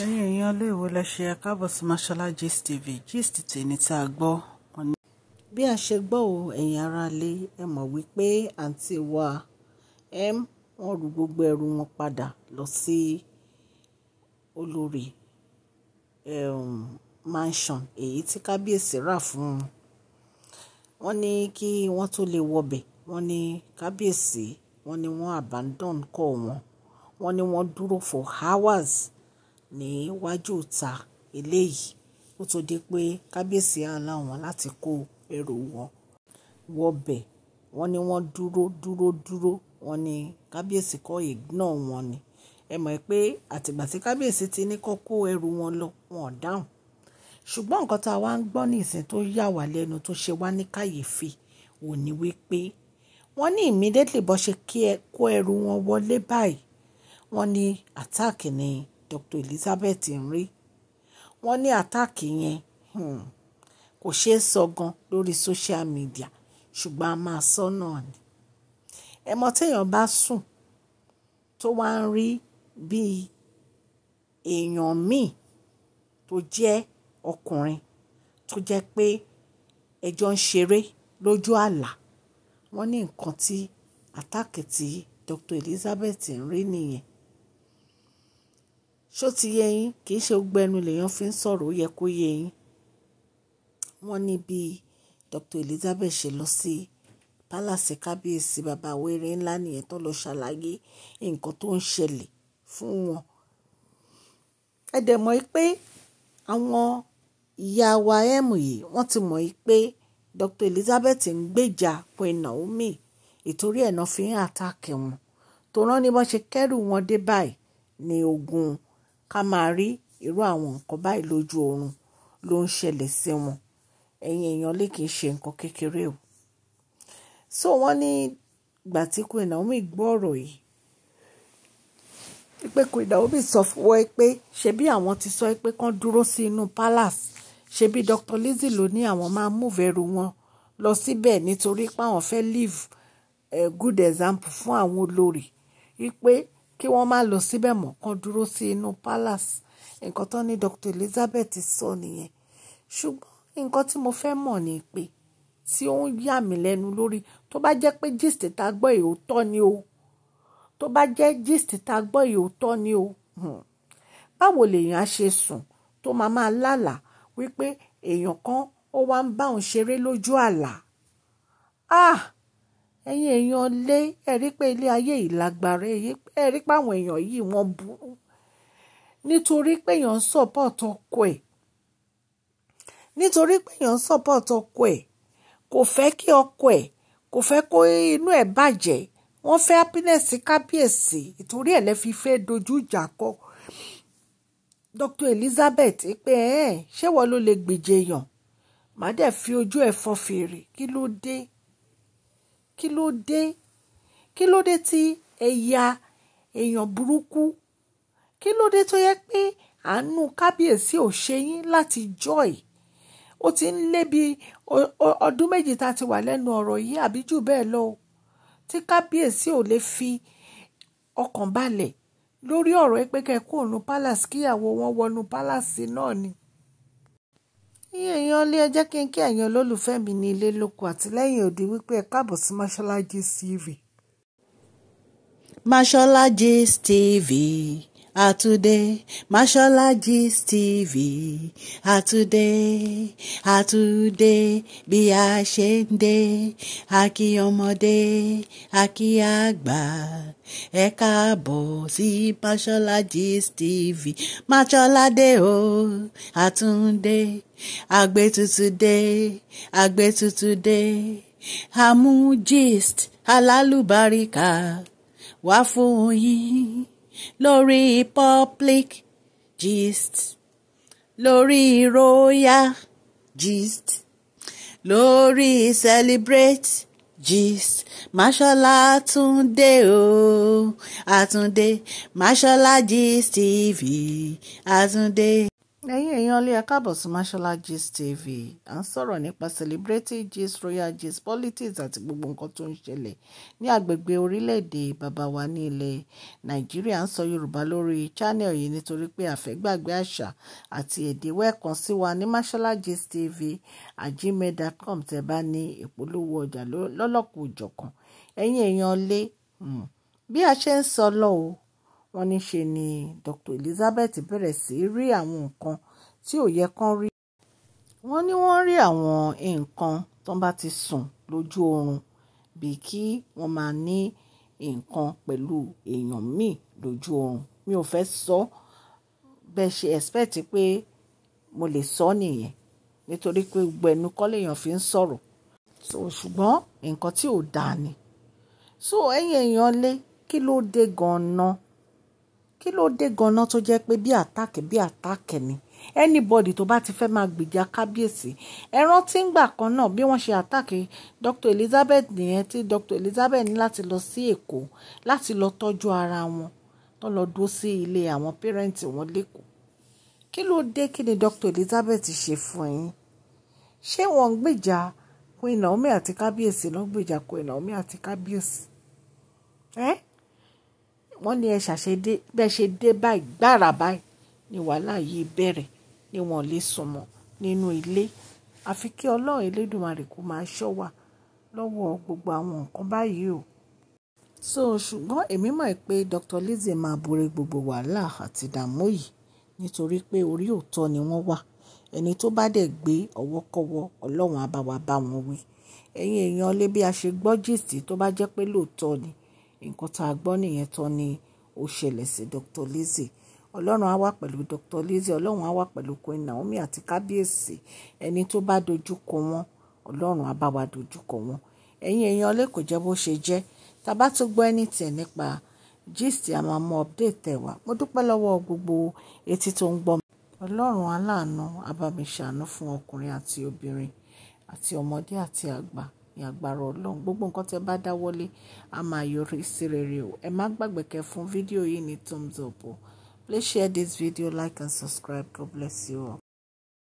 ẹ̀yin èèyàn ilé ìwé lẹ ṣe káàbọ̀ sí Mashola Gist TV gist tèmi tá a gbọ́ wọn bí a ṣe gbọ́ o ẹ̀yin ará lé ẹ mọ̀ wípé àǹtí wa m wọ́n ru gbogbo ẹrù wọn padà lọ sí olórí mansion èyí tí kábíyèsí rà fún un wọ́n ní kí wọ́n tó lè wọbẹ̀ wọ́n ní kábíyèsí wọ́n ní wọ́n abandon kọ́ wọn wọ́n ní wọ́n dúró for hours ní iwájú ìta eléyìí ó tó di pé kábíyèsí àlá wọn láti kó ẹrù wọn wọbẹ̀ wọ́n ní wọ́n dúró dúró dúró wọ́n ní kábíyèsí kọ́ ignore wọn ni ẹ mọ̀ pé àtìgbà tí kábíyèsí ti ní kó kó ẹrù wọn lọ wọn ò dáhùn ṣùgbọ́n nǹkan tá a wá ń gbọ́ ní ìsìn tó yà wá lẹ́nu tó ṣe wá ní kàyéfì ò ní wípé wọ́n ní immediately bó ṣe kó ẹrù wọn wọlé báyìí wọ́n ní attack ni. Attack, Dr. Elizabeth ń rí wọ́n ní àtàkì yẹn hmm, kò ṣeé sọ gan lórí social media ṣùgbọ́n a máa sọ náà ni ẹ mọ̀ téèyàn bá sùn tó wá ń rí bíi èèyàn míì tó jẹ́ ọkùnrin tó jẹ́ pé ẹjọ́ ń ṣeré lójú àlá wọ́n ní nǹkan tí àtàkì tí Dr. Elizabeth ń rí nìyẹn ṣó ti yé yín kì í ṣe gbogbo ẹnu lèèyàn fi ń sọ̀rọ̀ ó yẹ kó yé yín wọ́n ní bí Dr. Elizabeth ṣe lọ sí pálàsì kábíyèsí bàbá wéré ńlá nìyẹn tó lọ ṣàlàyé nǹkan tó ń ṣẹlẹ̀ fún wọn ẹ dẹ̀ mọ̀ pé àwọn ìyá wa ẹ̀mù yìí wọ́n ti mọ̀ pé Dr. Elizabeth ń gbèjà Queen Naomi ìtorí ẹ̀ náà fi ń àtàkì wọn tó rán ní wọ́n ṣe kẹ́rù wọn dé báyìí ní ogun ká máa rí irú àwọn nǹkan báyìí lójú oorun ló ń ṣẹlẹ̀ sí wọn ẹ̀yin èèyàn lè kìí ṣe nǹkan kékeré o so wọ́n ní ìgbà tí Queen Naomi gbọ́ ọ̀rọ̀ yìí pé Queen Naomi sọ fún wọn pé ṣebí àwọn ti sọ pé kán dúró sí inú palace ṣebí Dr. Lizzie ló ní àwọn máa múve ẹrù wọn lọ síbẹ̀ nítorí pé àwọn fẹ́ live a eh, good example fún àwọn olórí wípé kí wọ́n má lọ síbẹ̀ mọ́ kán dúró sí inú palace nǹkan tó ní Dr. Elizabeth sọ nìyẹn ṣùgbọ́n nǹkan tí mo fẹ́ mọ̀ ni pé tí ó ń yà mí lẹ́nu lórí tó bá jẹ́ pé gist tá gbọ́ ìhòòtọ́ ni o tó bá jẹ́ gist tá gbọ́ ìhòòtọ́ ni o hmm, báwo lèèyàn á ṣe sùn tó máa máa lálàá wípé èèyàn kan ó wá ń bá òun ṣeré lójú àlá ah ẹ̀yin èèyàn lé ẹ̀rí pé ilé ayé yìí lágbára ẹ̀rí pé àwọn èèyàn yìí wọ́n burú nítorí pé èèyàn ń support ọkọ ẹ̀ nítorí pé èèyàn ń support ọkọ ẹ̀ kò fẹ́ kí ọkọ ẹ̀ kò fẹ́ kó inú ẹ̀ bàjẹ́ wọ́n fẹ́ happiness kábíyèsí ìtorí ẹ̀ lẹ́ fi fẹ́ dojú ìjà kọ Dr. Elizabeth pé ẹ ṣé wọ́n ló lè gbèjè èèyàn màá dẹ̀ fi ojú ẹ̀ fọ́ fèrè kí ló dé kí ló dé kí ló dé tí ẹ̀yà èèyàn burúkú kí ló dé tó yẹ pé àánú kábíyèsí ò ṣe yín láti joy ó ti ń lé bí ọdún méjì tá a ti wà lẹ́nu ọ̀rọ̀ yìí àbí jù bẹ́ẹ̀ lọ tí kábíyèsí ò lè fi ọkàn balẹ̀ lórí ọ̀rọ̀ ẹ kẹ́kọ̀ọ́ ònú palace kíyàwó wọn wọnú palace náà ni èèyàn ilé ẹ jẹ́ kí n kí ẹ̀yin olólùfẹ́ mi ní ilé lóko àtìlẹ́yìn òde wípé ẹ káàbọ̀ sí Mashola Gist TV. Mashola Gist TV Atude, Mashola Gist TV. Atude, bí a ṣe ń dé. A kí ọmọdé, a kí àgbà. Ẹ káàbọ̀ sí Mashola Gist TV. Mashola dé o, Àtúndé. Àgbétutù dé, àgbétutù dé. Àmú gist alálùbáríkà wá fún yín lórí public gist lórí royal gist lórí celebrate gist Mashola Túndé o Àtúndé Mashola Gist TV Àtúndé ẹ̀yin èèyàn ilé ẹ káàbọ̀ sí Mashola Gist TV à ń sọ̀rọ̀ nípa celebrity gist royal gist politics àti gbogbo nǹkan tó ń ṣẹlẹ̀ ní agbègbè orílẹ̀-èdè bàbá wa ní ilẹ̀ Nàìjíríà ń sọ Yorùbá lórí channel yìí nítorí pé àfẹ́gbàgbé àṣà àti èdè wẹ́ẹ̀kan sí wa ní Mashola Gist TV àjímẹ́.com tẹ́ bá ní ìpolówó ọjà lọ́lọ́kùnjọ̀kan ẹ̀yin èèyàn ilé hmm, bí a ṣe ń sọ lọ́wọ́ wọ́n ní ṣe ni Dr. Elizabeth bẹ̀rẹ̀ sí í rí àwọn nǹkan tí ò yẹ kán rí wọ́n ní wọ́n rí àwọn nǹkan tó bá ti sùn lójú oorun bíi kí wọ́n máa ní nǹkan pẹ̀lú èèyàn míì lójú oorun mi ò fẹ́ sọ bẹ́ẹ̀ ṣe expect pé mo lè sọ nìyẹn nítorí pé gbogbo ẹnu kọ́ lèèyàn fi ń sọ̀rọ̀ so ṣùgbọ́n nǹkan tí ò dáa ni so ẹ̀yin èèyàn lé kí ló dé gan-an kí ló dé ganan tó jẹ́ pé bí àtàkì bí àtàkì ni anybody tó bá ti fẹ́ máa gbèjà kábíyèsí ẹran tí ń gbà kan náà bí wọ́n ṣe àtàkì Dr Elizabeth nìyẹn tí Dr Elizabeth ní láti lọ sí Èkó láti lọ tọ́jú ara wọn tó lọ dúró sí ilé àwọn pẹ́rẹ́ǹtì wọn lẹ́kọ̀ọ́ kí ló dé kí ni Dr Elizabeth ṣe fún yín ṣé wọ́n ń gbèjà Queen Naomi àti kábíyèsí ló ń gbèjà Queen Naomi àti kábíyèsí eh? wọ́n ní ẹ ṣàṣedé bẹ́ẹ̀ ṣe dé báyìí gbára báyìí ni wàhálà yìí bẹ̀rẹ̀ ni wọ́n lè sùn mọ́ nínú ilé àfi kí ọlọ́run elédùnmarè kó máa ṣọ́ wa lọ́wọ́ gbogbo àwọn nǹkan báyìí o. so ṣùgbọ́n èmi mọ̀ pé Dr. Lizzie máa borí gbogbo wàhálà àti ìdààmú yìí nítorí pé orí òótọ́ ni wọ́n wà ẹni tó bá dẹ̀ gbé ọwọ́kọ́wọ́ ọlọ́run á bá wa bá wọn wí ẹ̀yin èèyàn lé bí a ṣe gbọ́ gist tó bá jẹ́ pé lóòótọ́ ni nǹkan tá a gbọ́ nìyẹn tán ni ó ṣẹlẹ̀ sí Dr. Lizzie ọlọ́run á wà pẹ̀lú Dr. Lizzie ọlọ́run á wà pẹ̀lú Queen Naomi àti kábíyèsí ẹni tó bá dojú kọ wọn ọlọ́run á bá wa dojú kọ wọn ẹ̀yin èèyàn ọlẹ́ kò jẹ́ bó ṣe jẹ́ tá bá tún gbọ́ ẹni tẹ̀ nípa gist a máa mú update ẹ̀ wá mo dúpẹ́ lọ́wọ́ gbogbo etí tó ń gbọ́ mi ọlọ́run aláàánú á fún ọkùnrin àti obìnrin àti ọmọdé àti àgbà ní agbára ọlọ́run gbogbo nǹkan tẹ́ bá dáwọ́lé a máa yọrí sí rere o ẹ má gbàgbé kẹ́ fún fídíò yìí ní thumbs up o please share this video like and subscribe god bless you all.